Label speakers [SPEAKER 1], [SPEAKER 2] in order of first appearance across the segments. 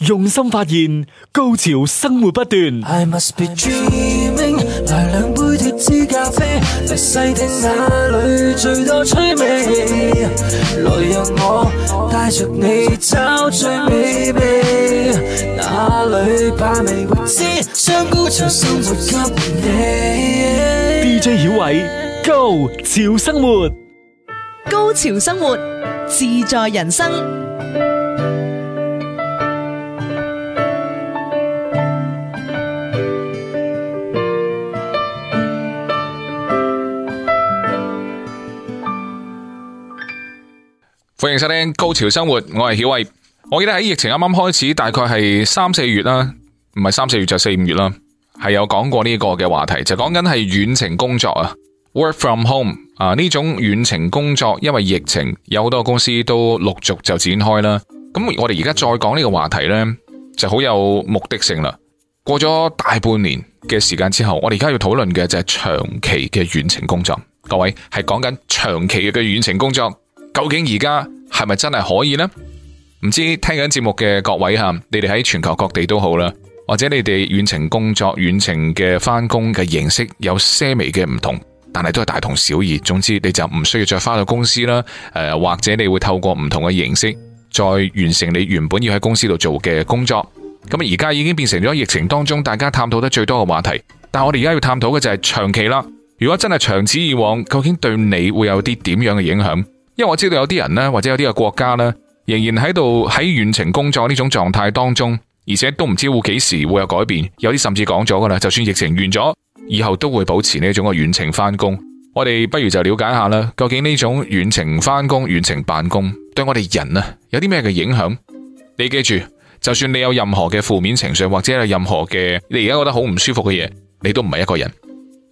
[SPEAKER 1] 用心發現，高潮生活不斷。I must be dreaming，來兩杯脫脂咖啡，細聽那裏最多趣味。來讓我帶着你找最美味，baby，哪裏把未未知？將高潮生活給你。DJ 小偉，Go，潮生活，高潮生活自在人生。歡迎收聽《高潮生活》，我係曉威。我記得喺疫情啱啱開始，大概係三四月啦，唔係三四月就四五月啦，係有講過呢個嘅話題，就講緊係遠程工作啊，work from home 啊呢種遠程工作，因為疫情有好多公司都陸續就展開啦。咁我哋而家再講呢個話題呢，就好有目的性啦。過咗大半年嘅時間之後，我哋而家要討論嘅就係長期嘅遠程工作。各位係講緊長期嘅遠程工作，究竟而家？係咪真係可以呢？唔知聽緊節目嘅各位吓，你哋喺全球各地都好啦，或者你哋遠程工作、遠程嘅返工嘅形式有些微嘅唔同，但係都係大同小異。總之，你就唔需要再返到公司啦。誒、呃，或者你會透過唔同嘅形式，再完成你原本要喺公司度做嘅工作。咁而家已經變成咗疫情當中大家探討得最多嘅話題。但係我哋而家要探討嘅就係長期啦。如果真係長此以往，究竟對你會有啲點樣嘅影響？因為我知道有啲人呢，或者有啲嘅國家呢，仍然喺度喺遠程工作呢種狀態當中，而且都唔知會幾時會有改變。有啲甚至講咗㗎喇，就算疫情完咗，以後都會保持呢種嘅遠程翻工。我哋不如就了解下啦，究竟呢種遠程翻工、遠程辦公對我哋人啊，有啲咩嘅影響？你記住，就算你有任何嘅負面情緒，或者有任何嘅你而家覺得好唔舒服嘅嘢，你都唔係一個人。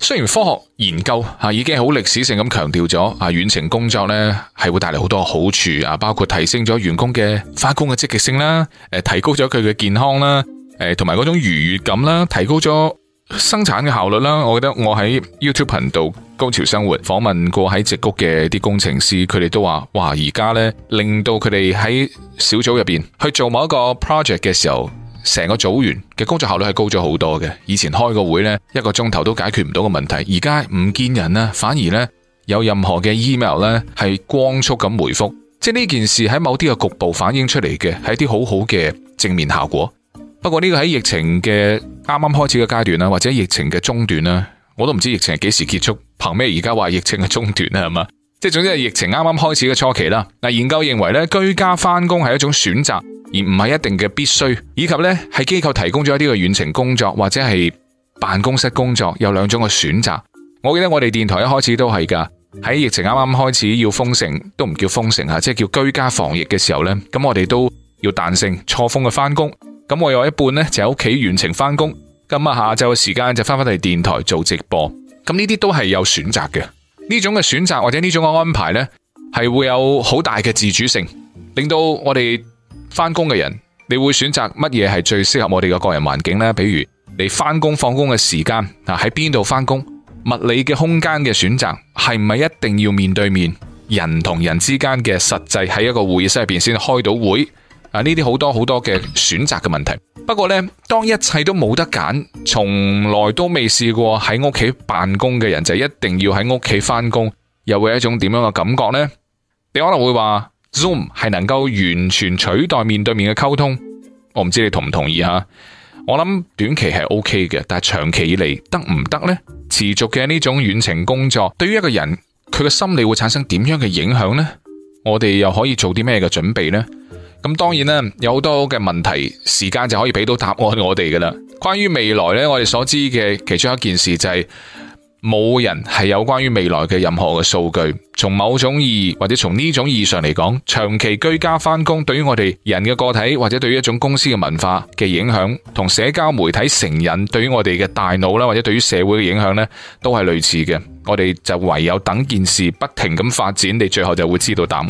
[SPEAKER 1] 雖然科學研究啊，已經好歷史性咁強調咗，啊遠程工作咧係會帶嚟好多好處啊，包括提升咗員工嘅返工嘅積極性啦，誒提高咗佢嘅健康啦，誒同埋嗰種愉悅感啦，提高咗生產嘅效率啦。我記得我喺 YouTube 頻道高潮生活訪問過喺直谷嘅啲工程師，佢哋都話，哇而家咧，令到佢哋喺小組入邊去做某一個 project 嘅時候。成個組員嘅工作效率係高咗好多嘅，以前開個會呢，一個鐘頭都解決唔到嘅問題，而家唔見人啦，反而呢有任何嘅 email 呢係光速咁回覆，即係呢件事喺某啲嘅局部反映出嚟嘅，係一啲好好嘅正面效果。不過呢個喺疫情嘅啱啱開始嘅階段啦，或者疫情嘅中段啦，我都唔知疫情係幾時結束，憑咩而家話疫情嘅中段呀？係嘛？即係總之係疫情啱啱開始嘅初期啦。嗱，研究認為呢居家返工係一種選擇。而唔係一定嘅必須以及呢係機構提供咗一啲嘅遠程工作或者係辦公室工作有兩種嘅選擇。我記得我哋電台一開始都係噶，喺疫情啱啱開始要封城都唔叫封城吓，即係叫居家防疫嘅時候呢。咁我哋都要彈性錯峰嘅翻工。咁我有一半呢，就喺屋企遠程翻工。咁啊下晝嘅時間就翻翻嚟電台做直播。咁呢啲都係有選擇嘅，呢種嘅選擇或者呢種嘅安排呢，係會有好大嘅自主性，令到我哋。翻工嘅人，你會選擇乜嘢係最適合我哋嘅個人環境呢？比如你翻工放工嘅時間啊，喺邊度翻工，物理嘅空間嘅選擇係唔係一定要面對面人同人之間嘅實際喺一個會議室入邊先開到會啊？呢啲好多好多嘅選擇嘅問題。不過呢，當一切都冇得揀，從來都未試過喺屋企辦公嘅人，就一定要喺屋企翻工，又會有一種點樣嘅感覺呢？你可能會話。Zoom 係能夠完全取代面對面嘅溝通，我唔知你同唔同意吓？我諗短期係 OK 嘅，但係長期以嚟得唔得呢？持續嘅呢種遠程工作對於一個人佢嘅心理會產生點樣嘅影響呢？我哋又可以做啲咩嘅準備呢？咁當然啦，有好多嘅問題，時間就可以俾到答案我哋噶啦。關於未來呢，我哋所知嘅其中一件事就係，是。冇人係有關於未來嘅任何嘅數據。從某種意義或者從呢種意義上嚟講，長期居家返工對於我哋人嘅個體或者對於一種公司嘅文化嘅影響，同社交媒體成癮對於我哋嘅大腦啦，或者對於社會嘅影響呢，都係類似嘅。我哋就唯有等件事不停咁發展，你最後就會知道答案。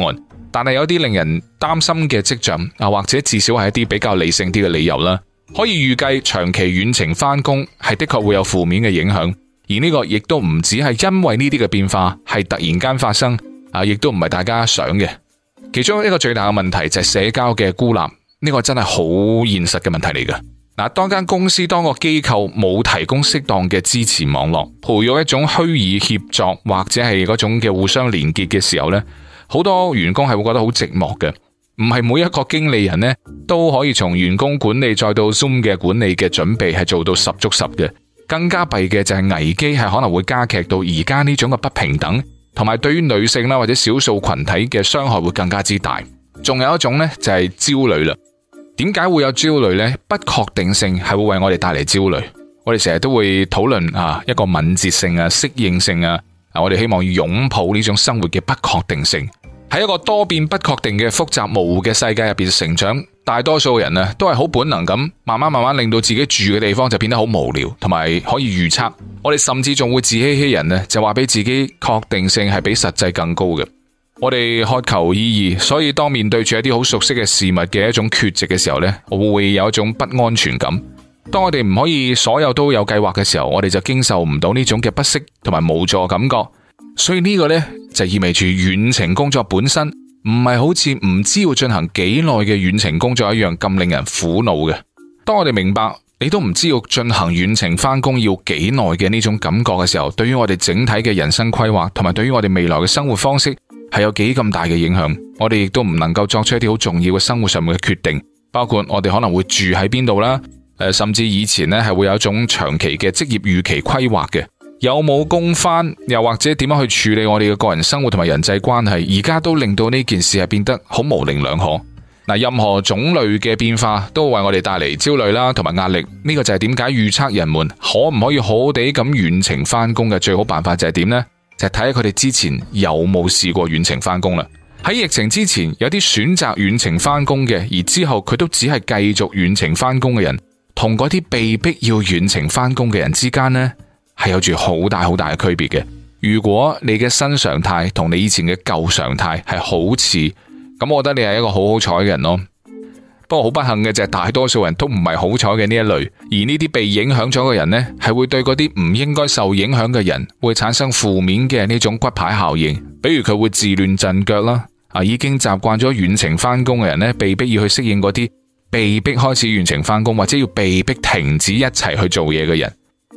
[SPEAKER 1] 但係有啲令人擔心嘅跡象啊，或者至少係一啲比較理性啲嘅理由啦，可以預計長期遠程返工係的確會有負面嘅影響。而呢個亦都唔止係因為呢啲嘅變化係突然間發生，啊，亦都唔係大家想嘅。其中一個最大嘅問題就係社交嘅孤立，呢、這個真係好現實嘅問題嚟嘅。嗱，當間公司、當個機構冇提供適當嘅支持網絡，培育一種虛擬協作或者係嗰種嘅互相連結嘅時候呢，好多員工係會覺得好寂寞嘅。唔係每一個經理人呢都可以從員工管理再到 Zoom 嘅管理嘅準備係做到十足十嘅。更加弊嘅就係危機係可能會加劇到而家呢種嘅不平等，同埋對於女性啦或者少數群體嘅傷害會更加之大。仲有一種呢，就係焦慮啦。點解會有焦慮呢？不確定性係會為我哋帶嚟焦慮。我哋成日都會討論啊一個敏捷性啊適應性啊。啊，我哋希望擁抱呢種生活嘅不確定性，喺一個多變不確定嘅複雜模糊嘅世界入邊成長。大多數人呢都係好本能咁，慢慢慢慢令到自己住嘅地方就變得好無聊，同埋可以預測。我哋甚至仲會自欺欺人呢，就話俾自己確定性係比實際更高嘅。我哋渴求意義，所以當面對住一啲好熟悉嘅事物嘅一種缺席嘅時候呢，我會有一種不安全感。當我哋唔可以所有都有計劃嘅時候，我哋就經受唔到呢種嘅不適同埋無助感覺。所以呢個呢，就意味住遠程工作本身，唔係好似唔知要進行幾耐嘅遠程工作一樣咁令人苦惱嘅。當我哋明白你都唔知要進行遠程返工要幾耐嘅呢種感覺嘅時候，對於我哋整體嘅人生規劃，同埋對於我哋未來嘅生活方式，係有幾咁大嘅影響。我哋亦都唔能夠作出一啲好重要嘅生活上面嘅決定，包括我哋可能會住喺邊度啦，誒，甚至以前呢係會有一種長期嘅職業預期規劃嘅。有冇工返，又或者點樣去處理我哋嘅個人生活同埋人際關係？而家都令到呢件事係變得好模棱兩可。嗱，任何種類嘅變化都會為我哋帶嚟焦慮啦，同埋壓力。呢個就係點解預測人們可唔可以好好地咁遠程返工嘅最好辦法，就係點呢？就係睇下佢哋之前有冇試過遠程返工啦。喺疫情之前，有啲選擇遠程返工嘅，而之後佢都只係繼續遠程返工嘅人，同嗰啲被逼要遠程返工嘅人之間呢。係有住好大好大嘅區別嘅。如果你嘅新常態同你以前嘅舊常態係好似，咁我覺得你係一個好好彩嘅人咯。不過好不幸嘅就係大多數人都唔係好彩嘅呢一類。而呢啲被影響咗嘅人呢，係會對嗰啲唔應該受影響嘅人會產生負面嘅呢種骨牌效應。比如佢會自亂陣腳啦。啊，已經習慣咗遠程翻工嘅人呢，被逼要去適應嗰啲被逼開始遠程翻工，或者要被逼停止一齊去做嘢嘅人。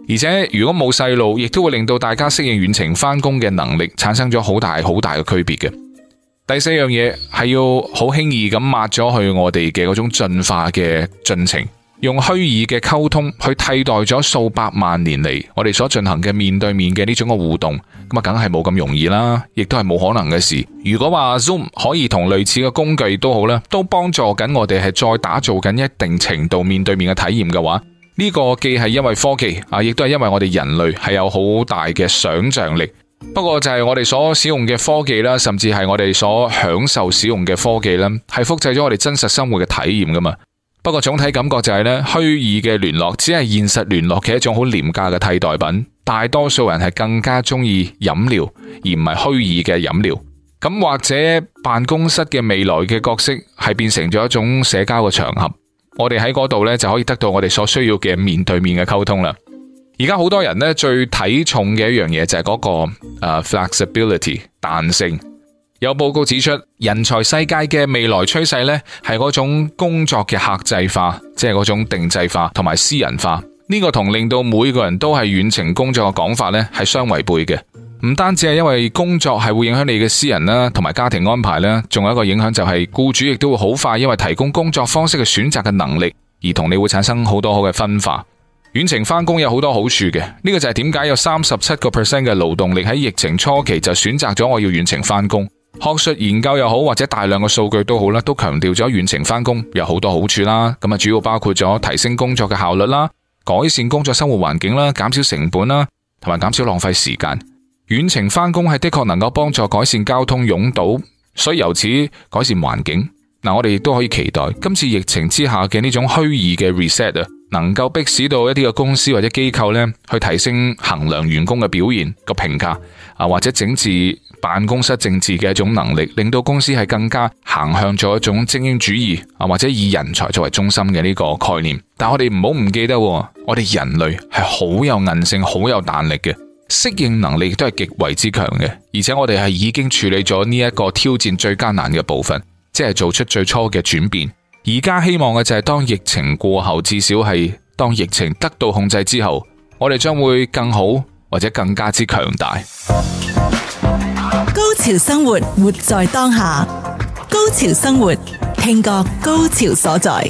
[SPEAKER 1] 而且如果冇細路，亦都會令到大家適應遠程返工嘅能力產生咗好大好大嘅區別嘅。第四樣嘢係要好輕易咁抹咗去我哋嘅嗰種進化嘅進程，用虛擬嘅溝通去替代咗數百萬年嚟我哋所進行嘅面對面嘅呢種嘅互動，咁啊梗係冇咁容易啦，亦都係冇可能嘅事。如果話 Zoom 可以同類似嘅工具都好啦，都幫助緊我哋係再打造緊一定程度面對面嘅體驗嘅話。呢個既係因為科技啊，亦都係因為我哋人類係有好大嘅想象力。不過就係我哋所使用嘅科技啦，甚至係我哋所享受使用嘅科技啦，係複製咗我哋真實生活嘅體驗噶嘛。不過總體感覺就係呢，虛擬嘅聯絡只係現實聯絡嘅一種好廉價嘅替代品。大多數人係更加中意飲料，而唔係虛擬嘅飲料。咁或者辦公室嘅未來嘅角色係變成咗一種社交嘅場合。我哋喺嗰度咧就可以得到我哋所需要嘅面對面嘅溝通啦。而家好多人咧最睇重嘅一樣嘢就係嗰個 flexibility 彈性。有報告指出，人才世界嘅未來趨勢咧係嗰種工作嘅客製化，即係嗰種定制化同埋私人化。呢個同令到每個人都係遠程工作嘅講法咧係相違背嘅。唔單止係因為工作係會影響你嘅私人啦，同埋家庭安排啦，仲有一個影響就係僱主亦都會好快，因為提供工作方式嘅選擇嘅能力，而同你會產生好多好嘅分化。遠程翻工有好多好處嘅，呢個就係點解有三十七個 percent 嘅勞動力喺疫情初期就選擇咗我要遠程翻工。學術研究又好，或者大量嘅數據都好啦，都強調咗遠程翻工有好多好處啦。咁啊，主要包括咗提升工作嘅效率啦，改善工作生活環境啦，減少成本啦，同埋減少浪費時間。遠程返工係的確能夠幫助改善交通擁堵，所以由此改善環境。嗱、啊，我哋亦都可以期待今次疫情之下嘅呢種虛擬嘅 reset 啊，能夠迫使到一啲嘅公司或者機構咧去提升衡量員工嘅表現個評價啊，或者整治辦公室政治嘅一種能力，令到公司係更加行向咗一種精英主義啊，或者以人才作為中心嘅呢個概念。但我哋唔好唔記得，我哋人類係好有韌性、好有彈力嘅。適應能力都係極為之強嘅，而且我哋係已經處理咗呢一個挑戰最艱難嘅部分，即係做出最初嘅轉變。而家希望嘅就係當疫情過後，至少係當疫情得到控制之後，我哋將會更好或者更加之強大。高潮生活，活在當下。高潮生活，聽覺高潮所在。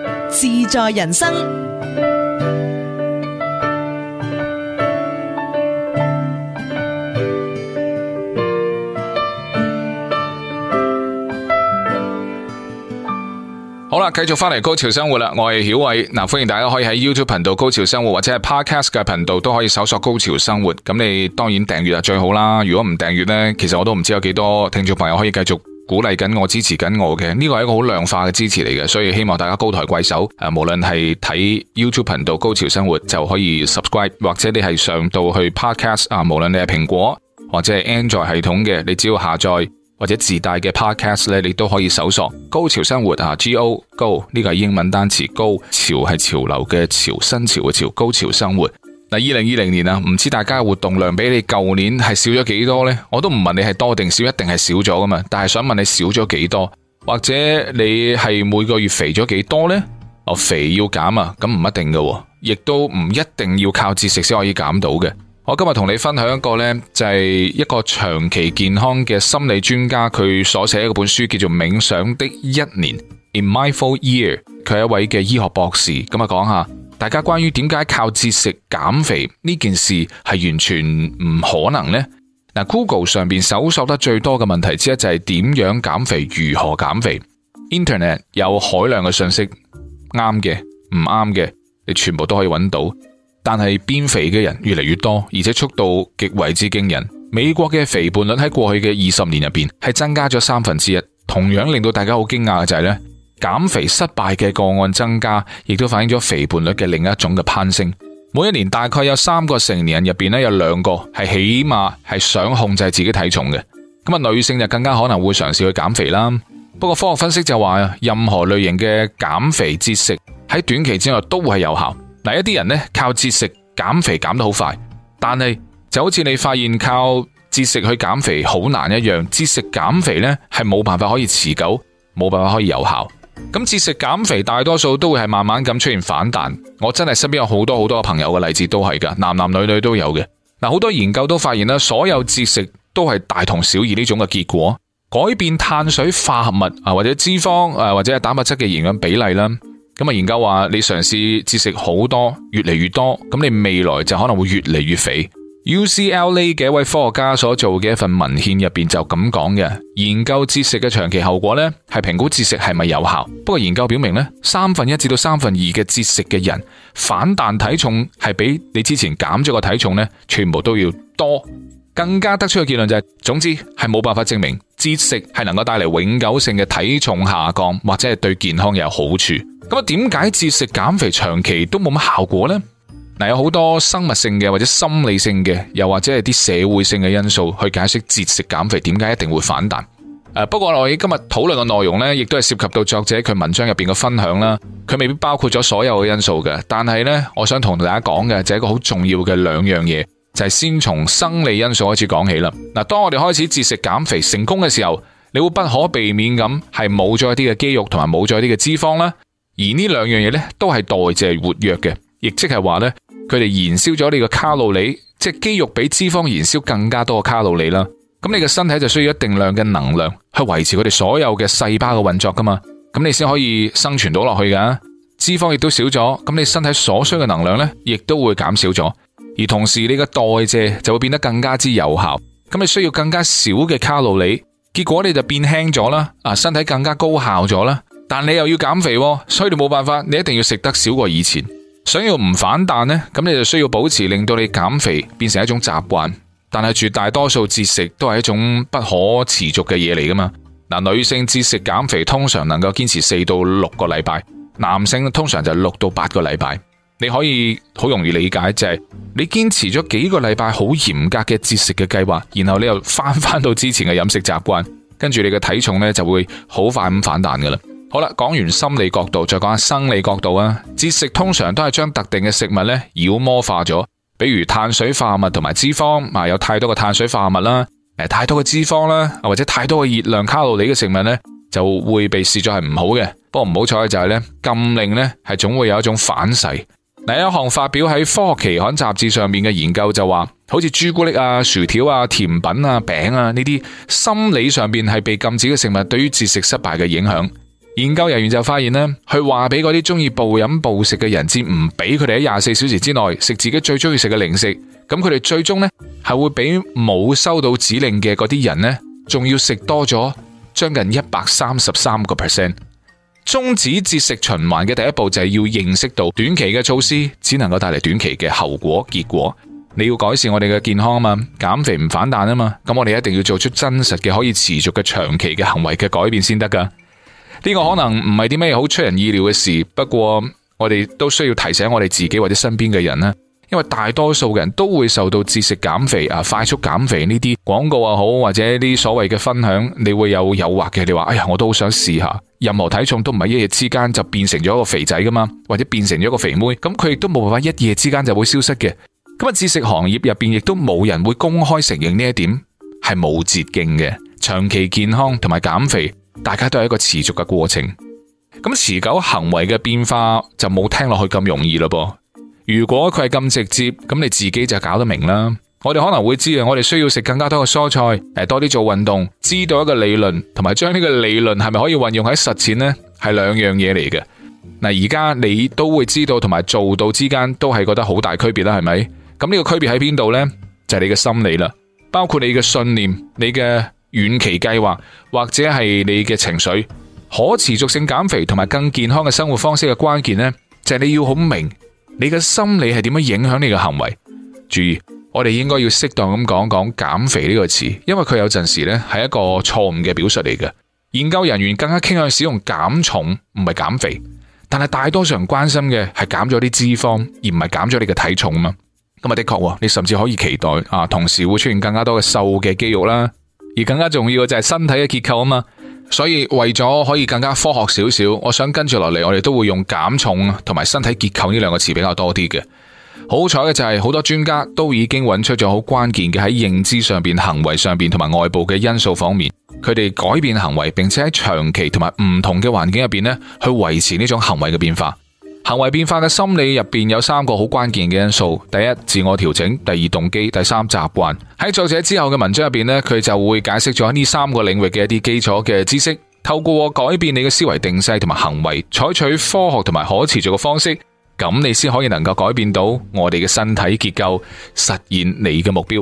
[SPEAKER 1] 自在人生，好啦，繼續翻嚟《高潮生活》啦，我係曉偉，嗱，歡迎大家可以喺 YouTube 頻道《高潮生活》，或者係 Podcast 嘅頻道都可以搜索《高潮生活》，咁你當然訂閱啊最好啦，如果唔訂閱呢，其實我都唔知有幾多聽眾朋友可以繼續。鼓勵緊我支持緊我嘅，呢個係一個好量化嘅支持嚟嘅，所以希望大家高抬貴手，誒、啊，無論係睇 YouTube 頻道《高潮生活》就可以 subscribe，或者你係上到去 Podcast 啊，無論你係蘋果或者係 Android 系統嘅，你只要下載或者自帶嘅 Podcast 咧，你都可以搜索《高潮生活》啊，G O GO，呢個係英文單詞，高潮，係潮流嘅潮，新潮嘅潮，高潮生活。嗱，二零二零年啊，唔知大家嘅活動量比你舊年係少咗幾多呢？我都唔問你係多定少，一定係少咗噶嘛。但係想問你少咗幾多，或者你係每個月肥咗幾多呢？哦，肥要減啊，咁唔一定噶，亦都唔一定要靠節食先可以減到嘅。我今日同你分享一個呢，就係、是、一個長期健康嘅心理專家，佢所寫嗰本書叫做《冥想的一年》（In My Four Year），佢係一位嘅醫學博士，咁啊講下。大家關於點解靠節食減肥呢件事係完全唔可能呢？嗱，Google 上邊搜索得最多嘅問題之一就係點樣減肥，如何減肥？Internet 有海量嘅信息，啱嘅，唔啱嘅，你全部都可以揾到。但係變肥嘅人越嚟越多，而且速度極為之驚人。美國嘅肥胖率喺過去嘅二十年入邊係增加咗三分之一，同樣令到大家好驚訝嘅就係呢。減肥失敗嘅個案增加，亦都反映咗肥胖率嘅另一種嘅攀升。每一年大概有三個成年人入面咧，有兩個係起碼係想控制自己體重嘅。咁啊，女性就更加可能會嘗試去減肥啦。不過科學分析就話，任何類型嘅減肥節食喺短期之內都會係有效。嗱，一啲人呢，靠節食減肥減得好快，但係就好似你發現靠節食去減肥好難一樣。節食減肥呢係冇辦法可以持久，冇辦法可以有效。咁節食減肥大多數都會係慢慢咁出現反彈，我真係身邊有好多好多朋友嘅例子都係噶，男男女女都有嘅。嗱，好多研究都發現啦，所有節食都係大同小異呢種嘅結果，改變碳水化合物啊或者脂肪啊，或者係蛋白質嘅營養比例啦。咁啊，研究話你嘗試節食好多，越嚟越多，咁你未來就可能會越嚟越肥。UCLA 嘅一位科學家所做嘅一份文獻入邊就咁講嘅，研究節食嘅長期後果呢，係評估節食係咪有效。不過研究表明呢，三分一至到三分二嘅節食嘅人，反彈體重係比你之前減咗個體重呢，全部都要多。更加得出嘅結論就係、是，總之係冇辦法證明節食係能夠帶嚟，永久性嘅體重下降，或者係對健康有好處。咁啊，點解節食減肥長期都冇乜效果呢？有好多生物性嘅或者心理性嘅，又或者係啲社會性嘅因素去解釋節食減肥點解一定會反彈。不過我喺今日討論嘅內容呢，亦都係涉及到作者佢文章入邊嘅分享啦。佢未必包括咗所有嘅因素嘅，但係呢，我想同大家講嘅就係一個好重要嘅兩樣嘢，就係先從生理因素開始講起啦。嗱，當我哋開始節食減肥成功嘅時候，你會不可避免咁係冇咗一啲嘅肌肉同埋冇咗一啲嘅脂肪啦。而呢兩樣嘢呢，都係代謝活躍嘅，亦即係話呢。佢哋燃燒咗你個卡路里，即係肌肉比脂肪燃燒更加多嘅卡路里啦。咁你嘅身體就需要一定量嘅能量去維持佢哋所有嘅細胞嘅運作噶嘛。咁你先可以生存到落去噶。脂肪亦都少咗，咁你身體所需嘅能量呢亦都會減少咗。而同時，你嘅代謝就會變得更加之有效。咁你需要更加少嘅卡路里，結果你就變輕咗啦。啊，身體更加高效咗啦。但你又要減肥，所以你冇辦法，你一定要食得少過以前。想要唔反彈呢，咁你就需要保持令到你減肥變成一種習慣。但係絕大多數節食都係一種不可持續嘅嘢嚟噶嘛。嗱、呃，女性節食減肥通常能夠堅持四到六個禮拜，男性通常就六到八個禮拜。你可以好容易理解就係、是、你堅持咗幾個禮拜好嚴格嘅節食嘅計劃，然後你又翻翻到之前嘅飲食習慣，跟住你嘅體重呢就會好快咁反彈噶啦。好啦，講完心理角度，再講下生理角度啊。節食通常都係將特定嘅食物咧妖魔化咗，比如碳水化合物同埋脂肪，啊有太多嘅碳水化合物啦，誒太多嘅脂肪啦，或者太多嘅熱量卡路里嘅食物咧，就會被視作係唔好嘅。不過唔好彩嘅就係咧禁令咧係總會有一種反噬。嗱，有一項發表喺《科學期刊》雜誌上面嘅研究就話，好似朱古力啊、薯條啊、甜品啊、餅啊呢啲心理上邊係被禁止嘅食物，對於節食失敗嘅影響。研究人員就發現呢，佢話俾嗰啲中意暴飲暴食嘅人知，唔俾佢哋喺廿四小時之內食自己最中意食嘅零食。咁佢哋最終呢係會比冇收到指令嘅嗰啲人呢，仲要食多咗將近一百三十三個 percent。終止節食循環嘅第一步就係要認識到短期嘅措施只能夠帶嚟短期嘅後果。結果你要改善我哋嘅健康啊嘛，減肥唔反彈啊嘛，咁我哋一定要做出真實嘅可以持續嘅長期嘅行為嘅改變先得噶。呢個可能唔係啲咩好出人意料嘅事，不過我哋都需要提醒我哋自己或者身邊嘅人咧，因為大多數嘅人都會受到節食、減肥啊、快速減肥呢啲廣告又好，或者啲所謂嘅分享，你會有誘惑嘅。你話哎呀，我都好想試下，任何體重都唔係一夜之間就變成咗一個肥仔噶嘛，或者變成咗一個肥妹，咁佢亦都冇辦法一夜之間就會消失嘅。咁啊，節食行業入邊亦都冇人會公開承認呢一點係冇捷徑嘅，長期健康同埋減肥。大家都係一個持續嘅過程，咁持久行為嘅變化就冇聽落去咁容易咯噃。如果佢係咁直接，咁你自己就搞得明啦。我哋可能會知啊，我哋需要食更加多嘅蔬菜，誒，多啲做運動，知道一個理論，同埋將呢個理論係咪可以運用喺實踐呢？係兩樣嘢嚟嘅。嗱，而家你都會知道同埋做到之間都係覺得好大區別啦，係咪？咁呢個區別喺邊度呢？就係你嘅心理啦，包括你嘅信念，你嘅。遠期計劃或者係你嘅情緒，可持續性減肥同埋更健康嘅生活方式嘅關鍵呢，就係你要好明你嘅心理係點樣影響你嘅行為。注意，我哋應該要適當咁講講減肥呢個詞，因為佢有陣時呢係一個錯誤嘅表述嚟嘅。研究人員更加傾向使用減重，唔係減肥。但係大多數人關心嘅係減咗啲脂肪，而唔係減咗你嘅體重嘛。咁啊的確，你甚至可以期待啊，同時會出現更加多嘅瘦嘅肌肉啦。而更加重要嘅就係身體嘅結構啊嘛，所以為咗可以更加科學少少，我想跟住落嚟我哋都會用減重啊同埋身體結構呢兩個詞比較多啲嘅。好彩嘅就係好多專家都已經揾出咗好關鍵嘅，喺認知上邊、行為上邊同埋外部嘅因素方面，佢哋改變行為，並且喺長期同埋唔同嘅環境入邊呢去維持呢種行為嘅變化。行為變化嘅心理入邊有三個好關鍵嘅因素：第一，自我調整；第二，動機；第三，習慣。喺作者之後嘅文章入邊呢，佢就會解釋咗呢三個領域嘅一啲基礎嘅知識。透過改變你嘅思維定勢同埋行為，採取科學同埋可持續嘅方式，咁你先可以能夠改變到我哋嘅身體結構，實現你嘅目標。